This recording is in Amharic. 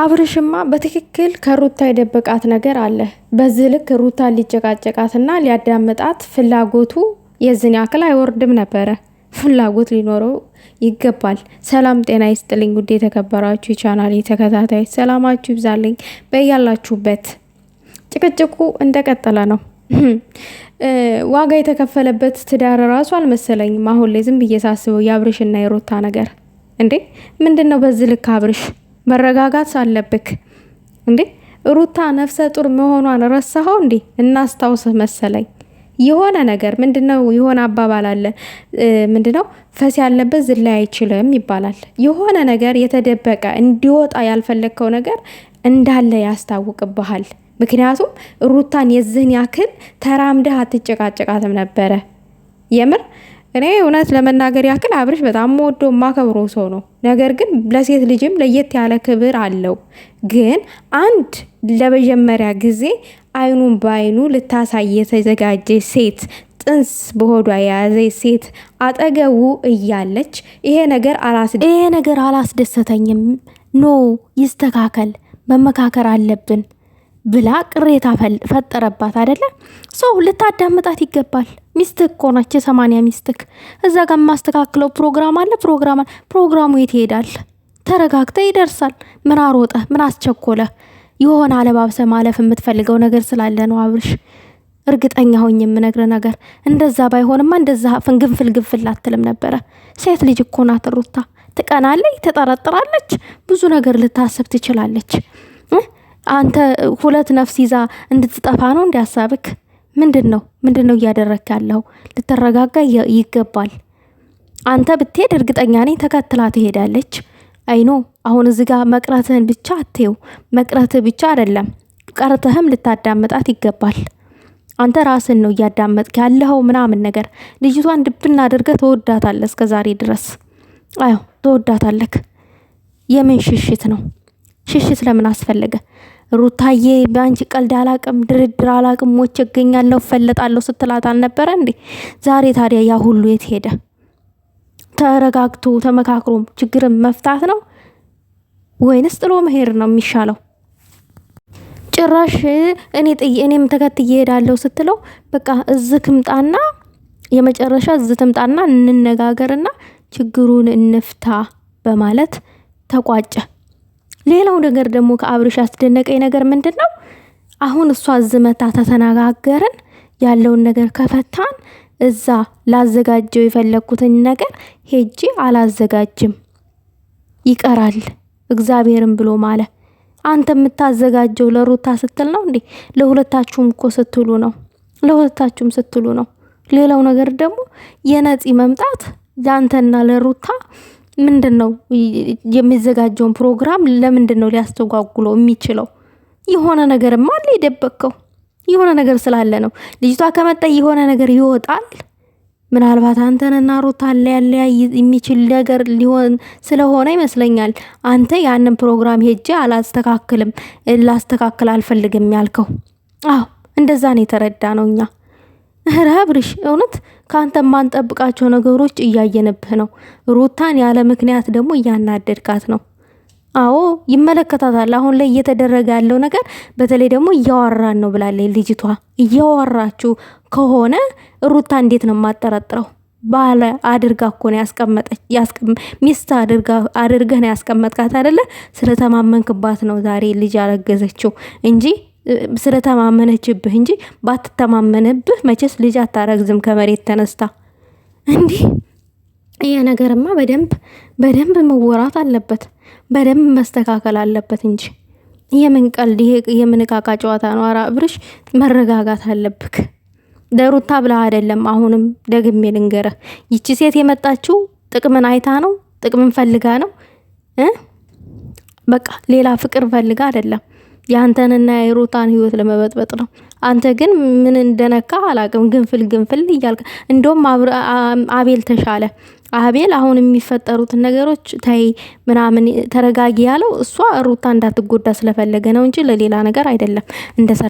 አብርሽማ በትክክል ከሩታ የደበቃት ነገር አለ። በዚህ ልክ ሩታ ሊጨቃጨቃትና ሊያዳምጣት ፍላጎቱ የዝን ያክል አይወርድም ነበረ። ፍላጎት ሊኖረው ይገባል። ሰላም ጤና ይስጥልኝ ውድ የተከበራችሁ ቻናል የተከታታይ ሰላማችሁ ይብዛልኝ በያላችሁበት። ጭቅጭቁ እንደቀጠለ ነው። ዋጋ የተከፈለበት ትዳር ራሱ አልመሰለኝም አሁን ላይ ዝም ብዬ ሳስበው የአብርሽና የሩታ ነገር እንዴ ምንድን ነው? በዚህ ልክ አብርሽ መረጋጋት አለብክ እንዴ። ሩታ ነፍሰ ጡር መሆኗን ረሳኸው እንዴ? እናስታውስህ መሰለኝ። የሆነ ነገር ምንድነው? የሆነ አባባል አለ ምንድነው? ፈስ ያለበት ዝላ አይችልም ይባላል። የሆነ ነገር የተደበቀ እንዲወጣ ያልፈለግከው ነገር እንዳለ ያስታውቅብሃል። ምክንያቱም ሩታን የዝህን ያክል ተራምደህ አትጨቃጨቃትም ነበረ የምር እኔ እውነት ለመናገር ያክል አብርሽ በጣም ወዶ ማከብሮ ሰው ነው። ነገር ግን ለሴት ልጅም ለየት ያለ ክብር አለው። ግን አንድ ለመጀመሪያ ጊዜ አይኑን በአይኑ ልታሳይ የተዘጋጀ ሴት ጥንስ በሆዷ የያዘ ሴት አጠገቡ እያለች ይሄ ነገር ይሄ ነገር አላስደሰተኝም። ኖ ይስተካከል፣ መመካከር አለብን ብላ ቅሬታ ፈጠረባት አይደለ? ሰው ልታዳምጣት ይገባል። ሚስትክ እኮ ነች፣ የሰማንያ ሚስትህ። እዛ ጋር የማስተካክለው ፕሮግራም አለ። ፕሮግራም ፕሮግራሙ የት ይሄዳል? ተረጋግተህ ይደርሳል። ምን አሮጠ? ምን አስቸኮለ? የሆነ አለባብሰ ማለፍ የምትፈልገው ነገር ስላለ ነው አብርሽ። እርግጠኛ ሆኝ የምነግር ነገር እንደዛ ባይሆንማ እንደዛ ፍንግንፍል ግንፍል አትልም ነበረ። ሴት ልጅ እኮ ናት ሩታ። ትቀናለች፣ ትጠረጥራለች፣ ብዙ ነገር ልታስብ ትችላለች። አንተ ሁለት ነፍስ ይዛ እንድትጠፋ ነው እንዲያሳብክ ምንድን ነው ምንድን ነው እያደረግክ ያለው? ልትረጋጋ ይገባል። አንተ ብትሄድ እርግጠኛ ነኝ ተከትላ ትሄዳለች። አይኖ አሁን እዚ ጋ መቅረትህን ብቻ አትየው። መቅረትህ ብቻ አይደለም ቀርተህም ልታዳምጣት ይገባል። አንተ ራስን ነው እያዳመጥክ ያለኸው ምናምን ነገር ልጅቷን ድብና አድርገህ ተወዳታለህ። እስከ ዛሬ ድረስ አዎ ተወዳታለክ። የምን ሽሽት ነው? ሽሽት ለምን አስፈለገ? ሩታዬ በአንቺ ቀልድ አላቅም፣ ድርድር አላቅም፣ ሞቼ እገኛለሁ፣ ፈለጣለሁ ስትላት አልነበረ እንዴ? ዛሬ ታዲያ ያ ሁሉ የት ሄደ? ተረጋግቶ ተመካክሮ ችግርን መፍታት ነው ወይንስ ጥሎ መሄድ ነው የሚሻለው? ጭራሽ እኔ እኔም ተከትዬ እሄዳለሁ ስትለው በቃ እዚህ ክምጣና የመጨረሻ እዚህ ትምጣና እንነጋገርና ችግሩን እንፍታ በማለት ተቋጨ። ሌላው ነገር ደግሞ ከአብርሽ ያስደነቀኝ ነገር ምንድን ነው? አሁን እሷ ዝመታ ተተነጋገርን ያለውን ነገር ከፈታን እዛ ላዘጋጀው የፈለግኩትን ነገር ሄጄ አላዘጋጅም ይቀራል እግዚአብሔርን ብሎ ማለ። አንተ የምታዘጋጀው ለሩታ ስትል ነው እንዴ? ለሁለታችሁም እኮ ስትሉ ነው። ለሁለታችሁም ስትሉ ነው። ሌላው ነገር ደግሞ የነፂ መምጣት ለአንተና ለሩታ ምንድን ነው የሚዘጋጀውን ፕሮግራም ለምንድን ነው ሊያስተጓጉለው የሚችለው? የሆነ ነገር ማለ የደበቅከው የሆነ ነገር ስላለ ነው። ልጅቷ ከመጣ የሆነ ነገር ይወጣል። ምናልባት አንተንና ሩታ ሊያለያይ የሚችል ነገር ሊሆን ስለሆነ ይመስለኛል። አንተ ያንን ፕሮግራም ሄጄ አላስተካክልም ላስተካክል አልፈልግም ያልከው። አዎ እንደዛ ነው የተረዳ ነው እኛ። ኧረ አብርሽ እውነት ከአንተ የማንጠብቃቸው ነገሮች እያየንብህ ነው። ሩታን ያለ ምክንያት ደግሞ እያናደድካት ነው። አዎ ይመለከታታል። አሁን ላይ እየተደረገ ያለው ነገር በተለይ ደግሞ እያወራን ነው ብላለች ልጅቷ። እያወራችሁ ከሆነ ሩታ እንዴት ነው የማጠረጥረው? ባለ አድርጋ እኮ ሚስት አድርገህ ነው ያስቀመጥካት አይደለ? ስለተማመንክባት ነው ዛሬ ልጅ አረገዘችው እንጂ ስለተማመነችብህ እንጂ ባትተማመንብህ መቼስ ልጅ አታረግዝም ከመሬት ተነስታ እንዲህ ይሄ ነገርማ በደንብ በደንብ መወራት አለበት፣ በደንብ መስተካከል አለበት እንጂ የምን ቀልድ የምን እቃቃ ጨዋታ ነው? ኧረ አብርሽ መረጋጋት አለብክ። ለሩታ ብላ አይደለም። አሁንም ደግሜ ልንገረህ፣ ይቺ ሴት የመጣችው ጥቅምን አይታ ነው፣ ጥቅምን ፈልጋ ነው። በቃ ሌላ ፍቅር ፈልጋ አይደለም የአንተንና የሩታን ህይወት ለመበጥበጥ ነው። አንተ ግን ምን እንደነካ አላቅም፣ ግንፍል ግንፍል እያልክ እንደውም አቤል ተሻለ። አቤል አሁን የሚፈጠሩትን ነገሮች ተይ ምናምን ተረጋጊ ያለው እሷ ሩታ እንዳትጎዳ ስለፈለገ ነው እንጂ ለሌላ ነገር አይደለም እንደ